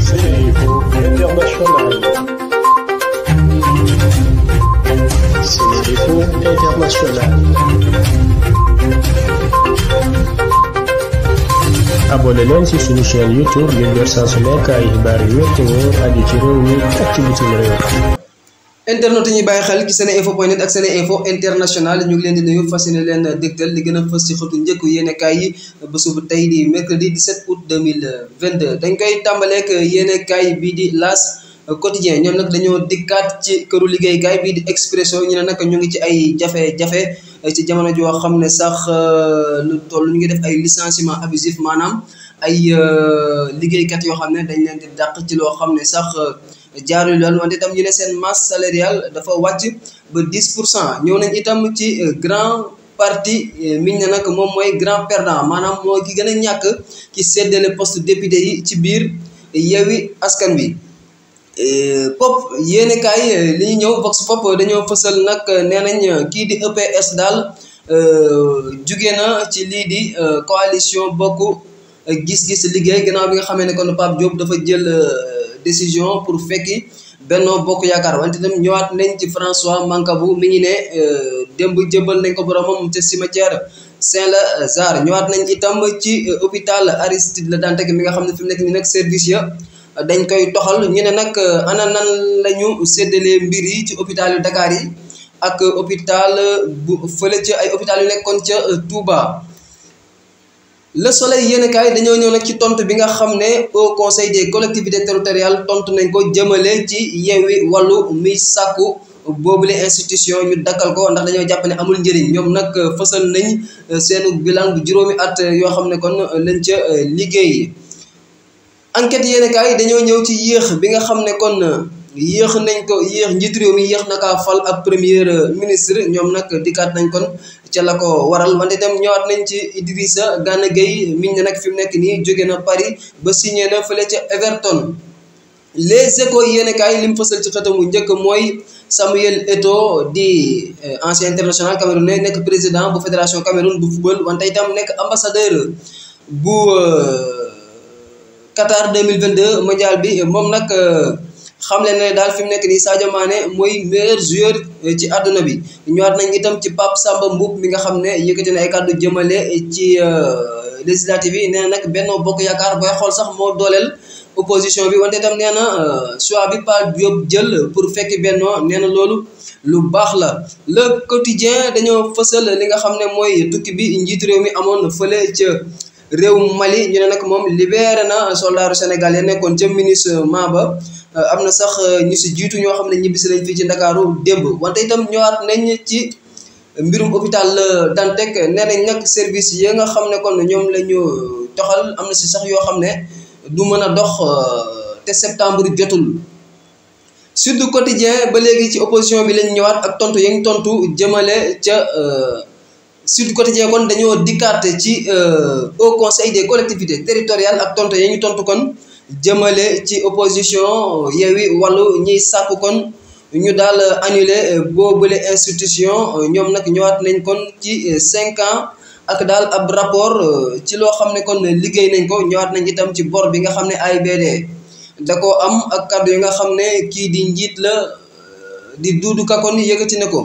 Cérébraux International. Cérébraux International. YouTube ngir jot saa su nekk ay xibaar yu wér te wóor aju ci réew internet yi ñuy bàyyi xel ci seneinfo point net ak seneinfo international ñu ngi leen di nuyu fas leen dégtal li gën a fës ci xëtu njëkk yéenekaay yi bés bu tey di mercredi 17 août 2022 dañ koy tàmbaleek yéenekaay bii di L'As quotidien ñoom nag dañoo dikkaat ci këru liggéey liggéeykaay bii di Expresso ñu ne nag ñu ngi ci ay jafe-jafe ci jamono joo xam ne sax euh, lu toll ñu ngi def ay licenciement abusif maanaam ay euh, liggéeykat yoo xam ne dañ leen di dàq loo xam ne sax euh, jaarul yoon wante tam ñu ne seen masse salariale dafa wàcc ba 10 pour cent ñëw nañ itam ci euh, grand parti euh, miñ ne nag moom mooy grand perdant maanaam mooy ki gën a ñàkk ki seddale poste député yi ci biir Yewwi Askan Wi euh, pop yéenekaay li ñëw vox dañoo fësal nag nee kii di EPS daal jugee na ci lii di coalition bokk gis-gis liggéey gannaaw bi nga xamee ne kon Pape dafa jël décision pour fekki Benno Bokk Yaakaar wante itam ñëwaat nañ ci François Mancabou mi ngi ne euh, démb jëbal nañ ko boromam ca cimetière Saint-Lazare euh, ñëwaat nañ itam ci euh, hôpital Aristide Le Dantec mi nga xam ne fi mu nekk nii nag service ya dañ koy toxal ñu ne nag ana nan lañu ñu mbir yi ci hôpital yu dakaar yi ak hôpital bu fële ci ay hôpital yu nekkoon ca Touba. le soleil yéen kaay dañoo ñëw nag ci tontu bi nga xam ne au conseil de collectivités territoriales tontu nañ ko jëmale ci Yewwi Wallu muy sàkku boobule institution ñu dakkal ko ndax dañoo jàpp ne amul njëriñ ñoom nag fësal nañ euh, seenu bilan bu juróomi at euh, yoo xam ne kon euh, lañ ca liggéey enquête yéen kaay dañoo ñëw ci yéex bi nga xam ne kon. yéex nañ ko yéex njiitu réew mi yéex na kaa fal ak premier euh, ministre ñoom nag dikkaat nañ kon ca la ko waral wante dem ñëwaat nañ ci Idrissa Gana Gueye miñ ne nag fi mu nekk nii jóge na Paris ba signé na fële ca Everton. Les Échos yéen kaay li mu fësal ci xëtam bu njëkk mooy Samuel Eto'o di euh, ancien international camerounais nekk président bu fédération Cameroun bu football wante itam nekk ambassadeur bu euh, Qatar 2022 mondial bi moom nag. xam leen ne daal fi mu nekk nii Sadio Mané mooy meilleur joueur euh, ci àdduna bi ñëwaat nañ itam ci Pape Samba Mboup mi nga xam ne yëkkati na ay kàddu jëmale euh, ci euh, législative yi nee na nag benn bokk yaakaar booy xool sax moo dooleel opposition bi wante itam nee na choix bi Pape Diop jël pour fekki bennoo nee na loolu lu baax la le quotidien dañoo fësal li nga xam ne mooy tukki bi njiitu réew mi amoon fële ca réewum Mali ñu ne nag moom libéré na soldaaru Sénégal ya nekkoon ca MINUSMA ba euh, am na sax euh, ñu si jiitu ñoo xam ne ñibbisi nañ fii ci Ndakaaru démb wante itam ñëwaat nañ ci mbirum hôpital euh, Dantec nee nañ nag service yi nga xam ne kon ñoom lañu ñu toxal am na si sax yoo xam ne du mën a dox te septembre jotul Sud Quotidien ba léegi ci opposition bi lañ ñëwaat ak tontu yañ tontu jëmale ca Sud Quotidien kon dañoo dikkaate ci euh, au conseil des collectivités territoriales ak tontu ya ñu tontu kon jëmale ci opposition Yewwi Wallu ñiy sàkk kon ñu daal annulé euh, boobule institution ñoom nag ñëwaat nañ kon ci euh, cinq ans ak daal ab rapport ci loo xam ne kon liggéey nañ ko ñëwaat nañ itam ci bor bi nga xam ne AIBD da koo am ak kàddu yi nga xam ne kii di njiit la di duudu ka kon yëkkati ne ko.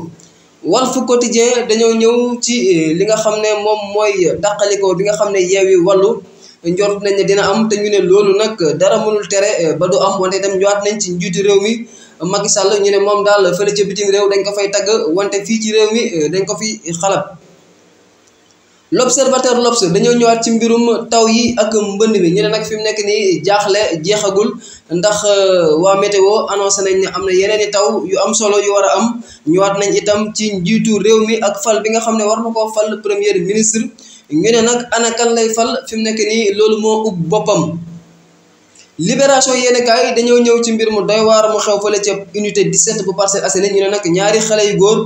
fu Walf Quotidien dañoo ñëw ci eh, li nga xam ne moom mooy dàqalikoo bi nga xam ne Yewwi Wallu njort nañ ne dina am te ñu ne loolu nag dara mënul tere eh, ba du am wante dem waat nañ ci njiitu réew mi Macky Sall ñu ne moom daal fële ca bitim réew dañ ko fay tagg wante fii ci réew mi eh, dañ ko fi xalab l'observateur l'Obs dañoo ñëwaat ci mbirum taw yi ak mbënd mi ñu ne nag fi mu nekk nii jaaxle jeexagul ndax euh, waa météo annoncé nañ ne am na yeneen i taw yu am solo yu war a am ñëwaat nañ itam ci njiitu réew mi ak fal bi nga xam ne war na ko fal premier ministre ñu nag ana kan lay fal fi mu nekk nii loolu moo ub boppam libération yéeni kaay dañoo ñëw ci mbir mu doy waar mu xew fële ca unité 17 bu Parcelles Assainies ñu ne nag ñaari xale yu góor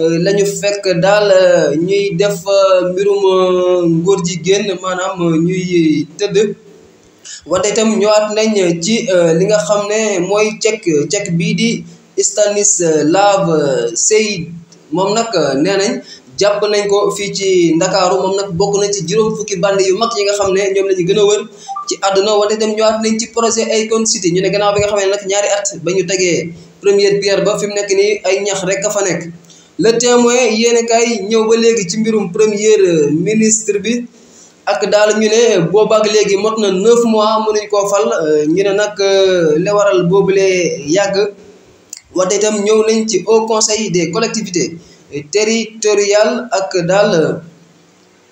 euh, lañu ñu fekk daal euh, ñuy def mbirum góor jigéen maanaam ñuy tëdd wante itam ñëwaat nañ ci euh, li nga xam ne mooy cek cek bii di Stanislav euh, euh, Seyid moom nag nee nañ jàpp nañ ko fii ci ndakaaru moom nag bokk nañ ci juróom fukki band yu mag yi nga xam ne ñoom la ñu gën a wër ci àdduna wante itam ñëwaat nañ ci projet Akon City ñu ne gannaaw bi nga xam ne nag ñaari at ba ñu tegee première pierre ba fi mu nekk nii ay ñax rek a fa nekk le témoin yéen a ñëw ba léegi ci mbirum premier ministre bi ak daal ñu ne boobaak léegi mot na neuf mois mënuñ koo fal euh, ñu ne nag euh, li waral boobulee yàgg wante itam ñëw nañ ci haut conseil des collectivités territoriales ak daal euh,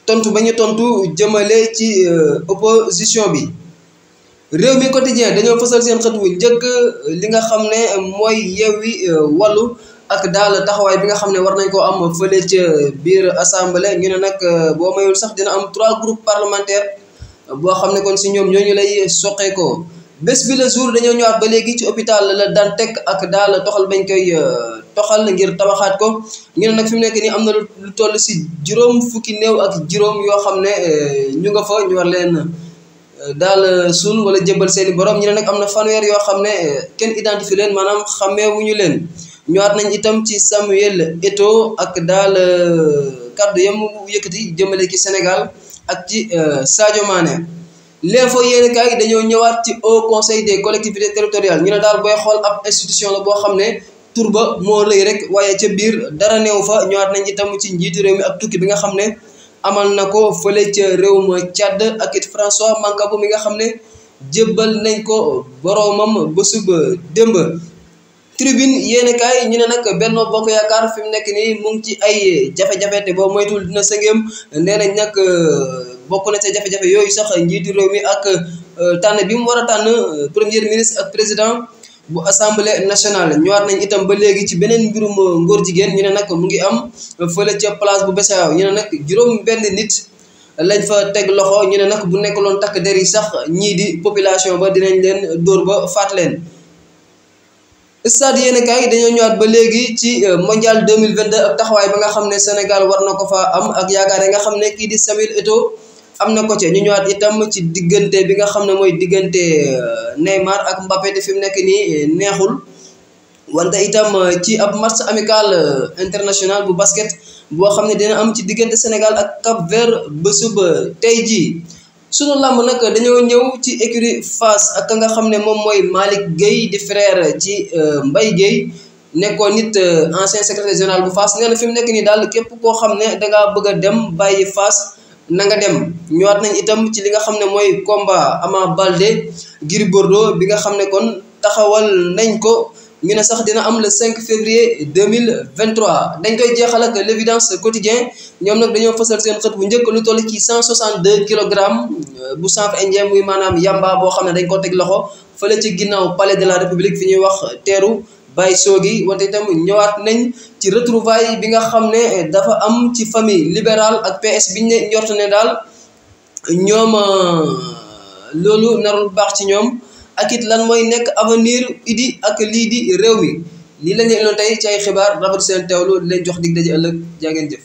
tontu ba ñu tontu jëmale ci opposition bi réew mi quotidien dañoo fësal seen xët wu njëkk li nga xam ne mooy Yewwi Wallu ak daal taxawaay bi nga xam ne war nañ koo am fële ca biir assemblée ñu ne nag euh, boo mayul sax dina am trois groupe parlementaires euh, boo xam ne kon si ñoom ñooñu lay soqeekoo bes bi le jour dañoo ñëwaat ba léegi ci hôpital la daan teg ak daal toxal bañ koy euh, toxal ngir tabaxaat ko ngi ne nag fi mu nekk nii am na lu toll si juróom fukki néew ak juróom yoo xam ne ñu nga fa ñu war leen daal suul wala jëbal seeni borom ñu ne nag am na fanweer yoo xam ne kenn identifié leen maanaam xamee wuñu leen. ñëwaat nañ itam ci Samuel Eto'o ak daal euh, kàddu yam yëkkati jëmale ci Sénégal ak ci euh, Sadio Mané l'info yéen kaay dañoo ñëwaat ci haut conseil des collectivités territoriales ñu ne daal booy xool ab institution la boo xam ne tur ba moo lëy rek waaye ca biir dara néew fa ñëwaat nañ itam ci njiitu réew mi ak tukki bi nga xam ne amal na ko fële ca réew ma càdd ak it François Mancabou mi nga xam ne jébbal nañ ko boroomam ba suba démb tribune yéen kaay ñu ne nag benn Bokk Yaakaar fi mu nekk nii mu ngi ci ay jafe-jafe te boo moytul dina sëngeem nee nañ nag euh, bokk na sa jafe yooyu sax njiitu réew mi ak euh, tànn bi mu war a tànn euh, premier ministre président bu assemblée nationale ñëwaat nañ itam ba léegi ci beneen mbirum ngóor jigéen ñu ne nag mu ngi am fële ca place bu Bessayaaw ñu ne nag juróom benn nit lañ fa teg loxo ñu ne nag bu nekk loon takk der yi sax ñii di population ba dinañ leen dóor ba faatleen stade yéen kaay yi dañoo ñowaat ba léegi ci euh, mondial 2022 ak taxawaay ba nga xam ne Sénégal war na ko fa am ak yaakaar yi nga xam ne kii di Samuel Eto'o am na ko ci ñu ñëwaat itam ci diggante bi nga xam ne mooy diggante euh, Neymar ak Mbappé te fi mu nekk nii euh, neexul wante itam ci ab match amical international bu basket boo xam ne dina am ci diggante Sénégal ak Cap Vert ba suba tey jii. sunu làmb nag dañoo ñëw ci écurie Fass ak nga xam ne moom mooy Malick Gueye di frère ci euh, mbay Gueye nekkoon nit euh, ancien secrétaire général bu Fass nee na fi mu nekk nii daal képp koo xam ne dangaa bëgg a dem bàyyi fas na nga dem ñëwaat nañ itam ci li nga xam ne mooy combat Ama Baldé Gris Bordeaux bi nga xam ne kon taxawal nañ ko. ñu ne sax dina am le 5 février 2023 dañ koy jeexal ak l' évidence ñoom nag dañoo fësal seen xët bu njëkk lu toll ci 162 euh, bu chanvre indien muy maanaam yamba boo xam ne dañ ko teg loxo fële ci ginnaaw palais de la république fi ñuy wax teeru bay soogi wante itam ñëwaat nañ ci retrouvaille bi nga xam ne euh, dafa am ci famille libéral ak PS biñ ne njort ne daal ñoom euh, loolu narul baax ci ñoom ak lan mooy nekk avenir idi ak lii di réew mi lii la ñu indiloon tey ci xibaar rafet seen teewlu lay jox dig daje ëllëg jaa jëf.